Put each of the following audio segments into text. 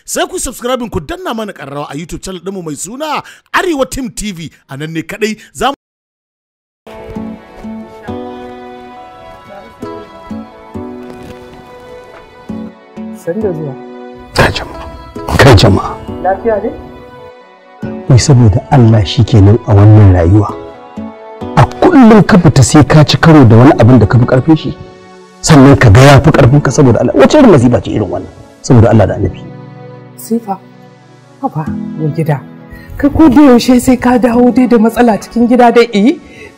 sai ku subscribe ku danna mana karrawa a YouTube channel ɗinmu mai suna Arewa Team TV a nan ne kadai za Sanda zuwa. Ta jama'a. Kai jama'a. Lafiya ne? Wai saboda Allah shi kenan a wannan rayuwa. A kullum ka fita sai ka ci karo da wani abin da ka fi ƙarfin shi. Sannan ka ga ya fi ƙarfin ka saboda Allah. Wace irin masifa ce irin wannan? Saboda Allah da annabi. sifa. haba mai gida ka gode da yaushe sai ka dawo dai da matsala cikin gida dai eh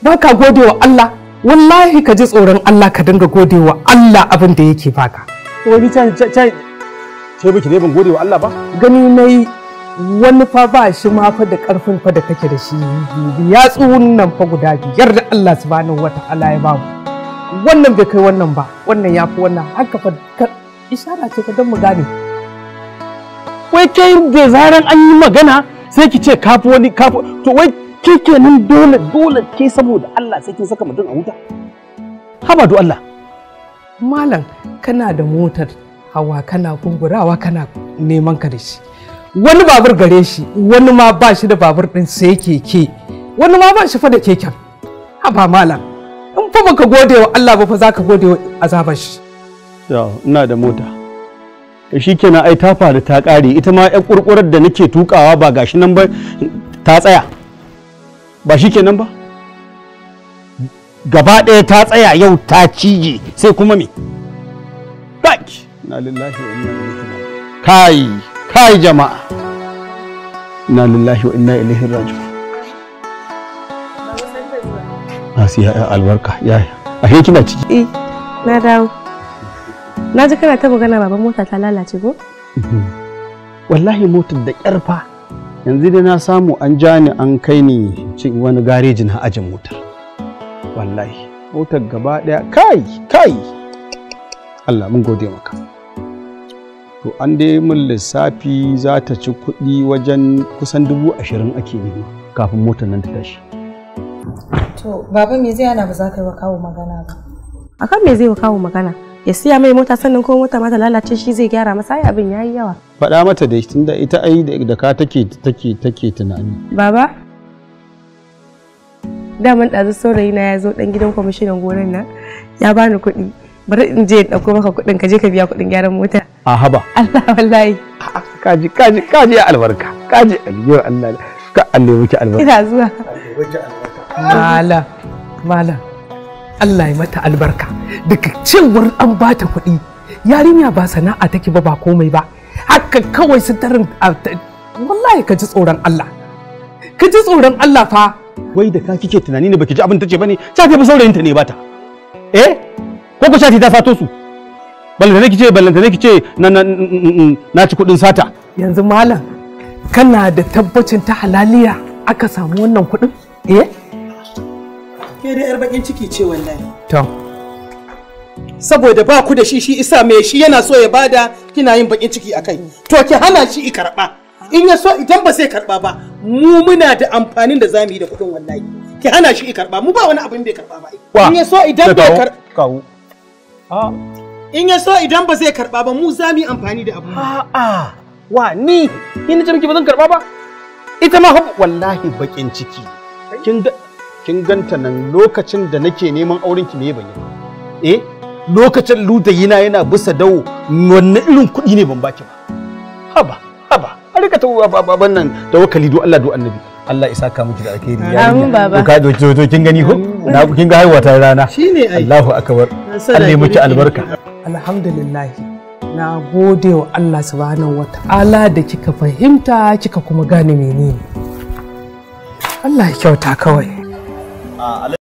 ba ka gode wa Allah wallahi ka ji tsoron Allah ka dinga gode wa Allah abin da yake baka wani can can ke biki ne ban gode wa Allah ba gani nayi wani fa ba shi ma fa da karfin fa da kake da shi ya tsuhun nan fa guda biyar da Allah subhanahu wata'ala ya ba mu wannan bai kai wannan ba wannan ya fi wannan haka fa isara ce ka don mu gane wai kai da zaran an yi magana sai ki ce kafi wani kafi to wai ke nan dole dole ke saboda Allah sai kin saka mutum a wuta haba do Allah malam kana da motar hawa kana kungurawa kana neman ka da shi wani babur gare shi wani ma ba shi da babur din sai keke wani ma ba shi fa da keken haba malam in fa baka gode wa Allah ba fa zaka gode wa azabar shi ina da mota shi kenan ai ta faru ta ƙare ita ma 'yan ƙurƙurar da nake tukawa ba gashi nan ba ta tsaya ba shi kenan ba gaba ɗaya ta tsaya yau ta cije sai kuma me baki na lillahi wa inna ilaihi kai kai jama'a na lillahi wa inna ilaihi raji'un asiya ya albarka yaya ashe kina ciki eh na dawo na ji kana taba gana baban mota ta lalace ko mhm. wallahi motar da ƙarfa yanzu dai na samu an ja ni an kai ni cikin wani garejin na ajin motar wallahi motar gaba daya kai kai Allah mun gode maka to an dai mun lissafi za ta ci kuɗi wajen kusan dubu ashirin ake nema kafin motar nan ta tashi to baba me zai yana ba za ka yi wa kawo magana ba akan me zai wa kawo magana ya siya mai mota sannan ko mota mata lalace shi zai gyara masa ai abin yayi yawa faɗa mata da tunda ita ai da ka take take take tunani baba da mun ɗazu saurayi na ya zo ɗan gidan kwamishinan gonar nan ya bani kuɗi bari in je in ɗauko maka kuɗin ka je ka biya kuɗin gyaran mota a haba Allah wallahi kaji kaji kaji ya albarka kaji aliyar Allah ka Allah albarka ina zuwa mala mala Allah ya mata albarka daga cewar an bata kuɗi yarinya ba sana'a take ba ba komai ba haka kawai su tarin wallahi ka ji tsoron Allah ka ji tsoron Allah fa wai da ka kike tunani ne baki ji abin tace bane safe fa saurayin ta ne bata eh ko ko shafi ta sato su ce, kice ballantane kice na na na ci kuɗin sata yanzu malam kana da tabbacin ta halaliya aka samu wannan kuɗin eh Ke da 'yar bakin ciki ce wannan. To. Saboda ba ku da shi shi isa mai shi yana so ya bada kina yin bakin ciki akai. To ki hana shi i karba. In ya so idan ba sai karba ba mu muna da amfanin da zamu yi da kuɗin wallahi. Ki hana shi i karba mu ba wani abin bai karba ba. In ya so idan bai karba. In ya so idan ba zai karba ba mu za mu yi amfani da abin. A'a wa ni ina ce miki ba zan karba ba. Ita ma wallahi bakin ciki. Kin ga kin ganta nan lokacin da nake neman auren ki me ban yi eh lokacin ludayina yana bisa dawo wannan irin kuɗi ne ban baki ba haba haba a rika ta baban nan da. tawakkali do Allah do annabi Allah isa ka miki da alheri ya amin baba ka do to kin gani ko na kin ga haihuwa ta rana shine ai Allahu akbar Allah ya miki albarka alhamdulillah na gode wa Allah subhanahu wata'ala da kika fahimta kika kuma gane menene Allah ya kyauta kawai uh,